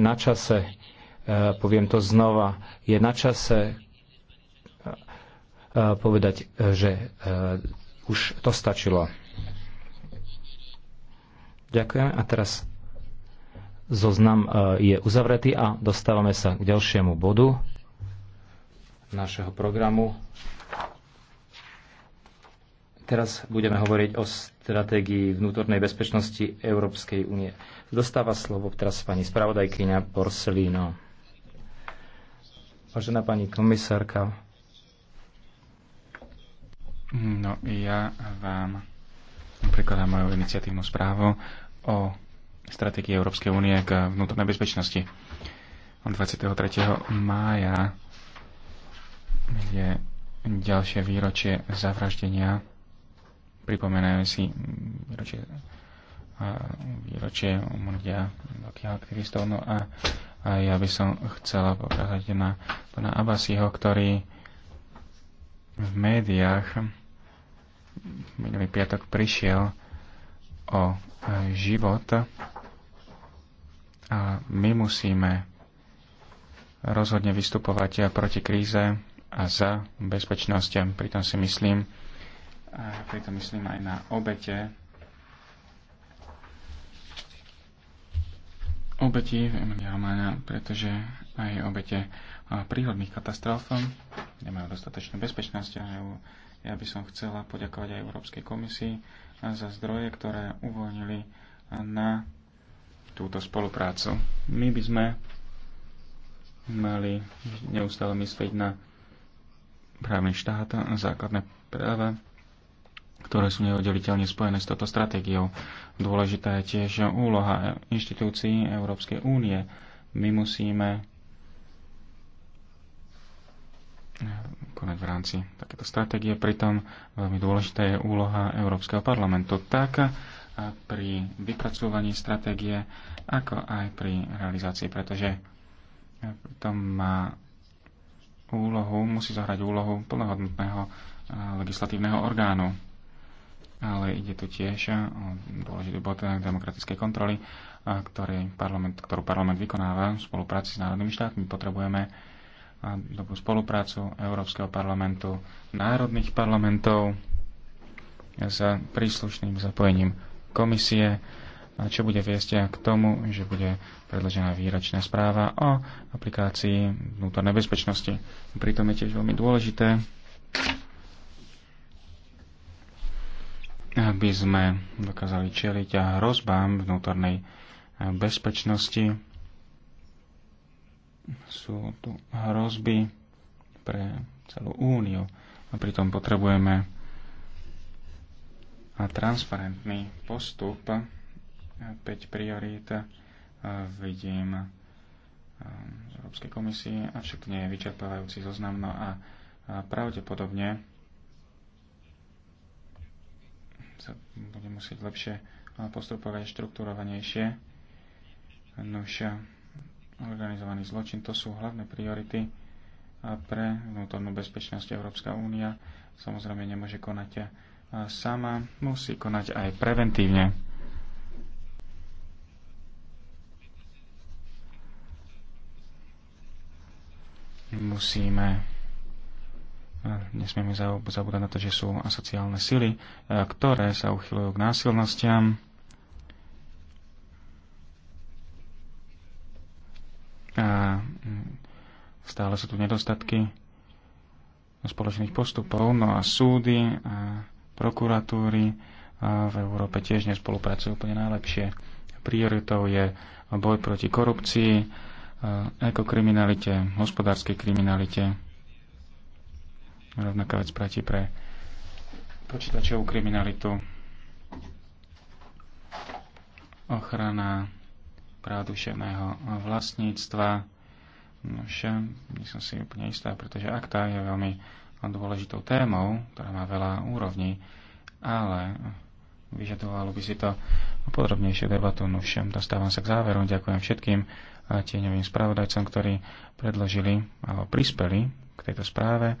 na čase, e, poviem to znova, je na čase e, e, povedať, že už to stačilo. Ďakujem a teraz zoznam je uzavretý a dostávame sa k ďalšiemu bodu našeho programu. Teraz budeme hovoriť o stratégii vnútornej bezpečnosti Európskej únie. Dostáva slovo teraz pani spravodajkyňa Porcelino. Vážená pani komisárka. No, ja vám prekladám moju iniciatívnu správu o stratégii Európskej únie k vnútornej bezpečnosti. 23. mája je ďalšie výročie zavraždenia pripomenajú si výročie, výročie umrdia veľkých aktivistov. No a, a ja by som chcela pokázať na pána Abasiho, ktorý v médiách minulý piatok prišiel o život a my musíme rozhodne vystupovať proti kríze a za bezpečnosť. Pritom si myslím, a preto myslím aj na obete obeti v Romana, pretože aj obete prírodných katastrof nemajú dostatočnú bezpečnosť. Ja by som chcela poďakovať aj Európskej komisii za zdroje, ktoré uvoľnili na túto spoluprácu. My by sme mali neustále myslieť na právny štát, základné práva, ktoré sú neoddeliteľne spojené s touto stratégiou. Dôležitá je tiež úloha inštitúcií Európskej únie. My musíme konať v rámci takéto stratégie. Pritom veľmi dôležitá je úloha Európskeho parlamentu tak pri vypracovaní stratégie, ako aj pri realizácii, pretože to má úlohu, musí zahrať úlohu plnohodnotného legislatívneho orgánu ale ide tu tiež o dôležitý bod eh, demokratickej kontroly, eh, ktorý parlament, ktorú parlament vykonáva v spolupráci s národnými štátmi. Potrebujeme eh, dobrú spoluprácu Európskeho parlamentu, národných parlamentov s príslušným zapojením komisie, čo bude viesť k tomu, že bude predložená výročná správa o aplikácii vnútornej bezpečnosti. Pritom je tiež veľmi dôležité, aby sme dokázali čeliť a hrozbám vnútornej bezpečnosti. Sú tu hrozby pre celú úniu a pritom potrebujeme transparentný postup 5 priorít eh, vidím eh, z Európskej komisii, avšak to nie je vyčerpávajúci zoznam, no a pravdepodobne sa bude musieť lepšie postupovať štruktúrovanejšie. Nož organizovaný zločin, to sú hlavné priority pre vnútornú bezpečnosť Európska únia. Samozrejme nemôže konať sama, musí konať aj preventívne. Musíme nesmieme zabúdať na to, že sú asociálne sily, e, ktoré sa uchylujú k násilnostiam. A mm, stále sú tu nedostatky spoločných postupov, no a súdy a prokuratúry a v Európe tiež nespolupracujú úplne najlepšie. Prioritou je boj proti korupcii, e, ekokriminalite, hospodárskej kriminalite Rovnaká vec platí pre počítačovú kriminalitu. Ochrana práv duševného vlastníctva. No všem, nie som si úplne istá, pretože akta je veľmi dôležitou témou, ktorá má veľa úrovní, ale vyžadovalo by si to podrobnejšie debatu. No všem, dostávam sa k záveru. Ďakujem všetkým tieňovým spravodajcom, ktorí predložili alebo prispeli k tejto správe.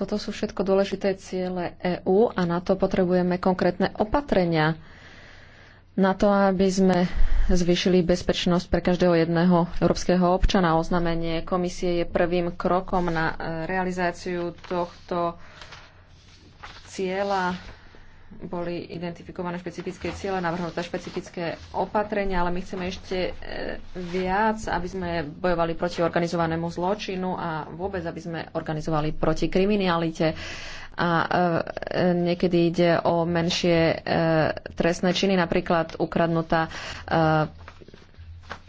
Toto sú všetko dôležité ciele EÚ a na to potrebujeme konkrétne opatrenia na to, aby sme zvýšili bezpečnosť pre každého jedného európskeho občana. Oznamenie komisie je prvým krokom na e, realizáciu tohto cieľa boli identifikované špecifické ciele, navrhnuté špecifické opatrenia, ale my chceme ešte e, viac, aby sme bojovali proti organizovanému zločinu a vôbec, aby sme organizovali proti kriminalite. A e, niekedy ide o menšie e, trestné činy, napríklad ukradnutá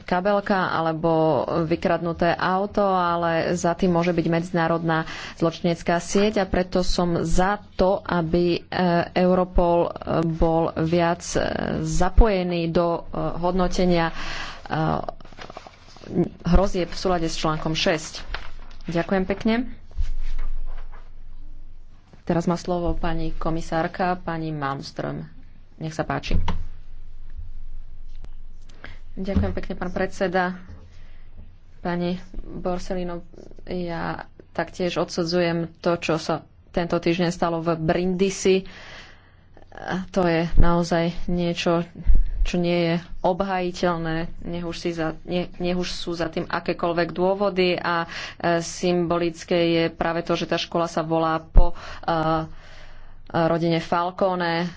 kabelka alebo vykradnuté auto, ale za tým môže byť medzinárodná zločinecká sieť a preto som za to, aby e, Europol e, bol viac e, zapojený do hodnotenia hrozie v súlade s článkom 6. Ďakujem pekne. Teraz má slovo pani komisárka, pani Malmström. Nech sa páči. Ďakujem pekne, pán predseda. Pani Borselino, ja taktiež odsudzujem to, čo sa tento týždeň stalo v Brindisi. To je naozaj niečo, čo nie je obhajiteľné, nech už, si za, ne, nech už sú za tým akékoľvek dôvody a e, symbolické je práve to, že tá škola sa volá po e, rodine Falcone. E,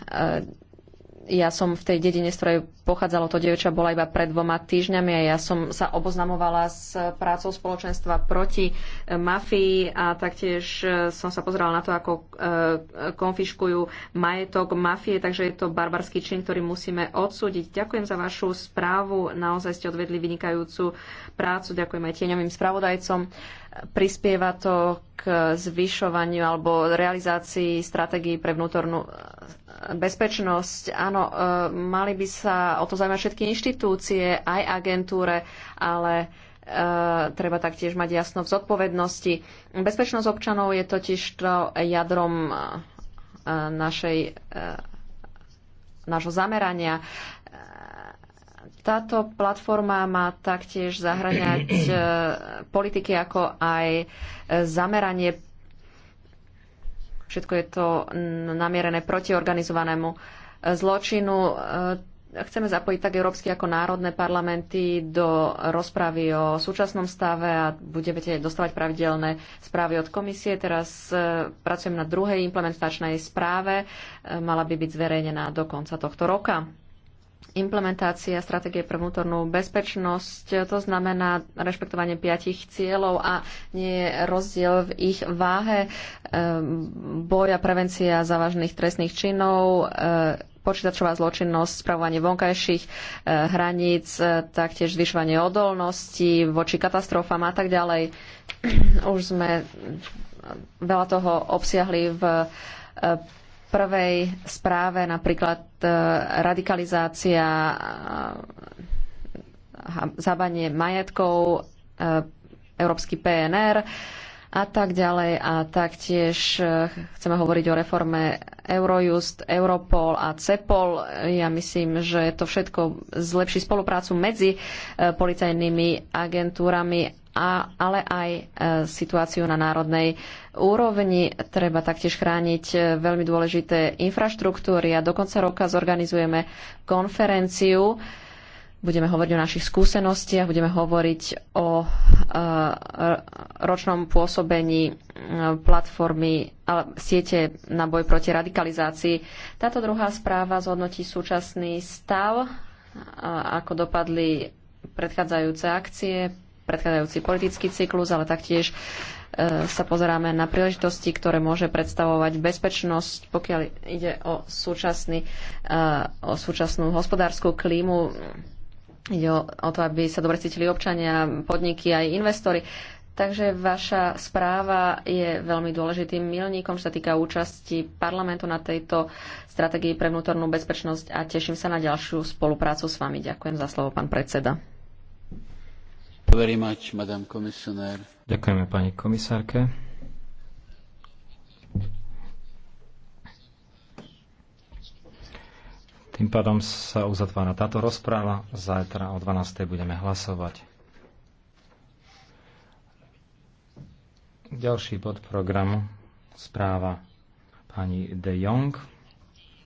ja som v tej dedine, z ktorej pochádzalo to dievča, bola iba pred dvoma týždňami a ja som sa oboznamovala s prácou spoločenstva proti eh, mafii a taktiež eh, som sa pozerala na to, ako eh, konfiškujú majetok mafie, takže je to barbarský čin, ktorý musíme odsúdiť. Ďakujem za vašu správu, naozaj ste odvedli vynikajúcu prácu, ďakujem aj tieňovým spravodajcom. Prispieva to k zvyšovaniu alebo realizácii stratégií pre vnútornú bezpečnosť. Áno, mali by sa o to zaujímať všetky inštitúcie, aj agentúre, ale e, treba taktiež mať jasno v zodpovednosti. Bezpečnosť občanov je totiž to jadrom e, našej, e, nášho zamerania. Táto platforma má taktiež zahraňať politiky ako aj zameranie. Všetko je to namierené proti organizovanému zločinu chceme zapojiť tak európsky ako národné parlamenty do rozpravy o súčasnom stave a budete dostávať pravidelné správy od komisie. Teraz e, pracujem na druhej implementačnej správe. E, mala by byť zverejnená do konca tohto roka. Implementácia stratégie pre vnútornú bezpečnosť, e, to znamená rešpektovanie piatich cieľov a nie je rozdiel v ich váhe boja, prevencia závažných trestných činov, počítačová zločinnosť, spravovanie vonkajších e, hraníc, e, taktiež zvyšovanie odolnosti voči katastrofám a tak ďalej. Už sme veľa toho obsiahli v e, prvej správe, napríklad radikalizácia, zabanie majetkov, európsky PNR a tak ďalej. A taktiež e, chceme hovoriť o reforme Eurojust, Europol a CEPOL. Ja myslím, že to všetko zlepší spoluprácu medzi e, policajnými agentúrami a, ale aj e, situáciu na národnej úrovni. Treba taktiež chrániť veľmi dôležité infraštruktúry a do konca roka zorganizujeme konferenciu budeme hovoriť o našich skúsenostiach, budeme hovoriť o e, ročnom pôsobení e, platformy a siete na boj proti radikalizácii. Táto druhá správa zhodnotí súčasný stav, e, ako dopadli predchádzajúce akcie, predchádzajúci politický cyklus, ale taktiež sa pozeráme na príležitosti, ktoré môže predstavovať bezpečnosť, pokiaľ ide o, súčasný, o súčasnú hospodárskú klímu Ide o to, aby sa dobre cítili občania, podniky aj investori. Takže vaša správa je veľmi dôležitým milníkom, čo sa týka účasti parlamentu na tejto stratégii pre vnútornú bezpečnosť a teším sa na ďalšiu spoluprácu s vami. Ďakujem za slovo, pán predseda. Ďakujeme pani komisárke. Tým pádom sa uzatvára táto rozpráva. Zajtra o 12.00 budeme hlasovať. Ďalší bod programu správa pani De Jong.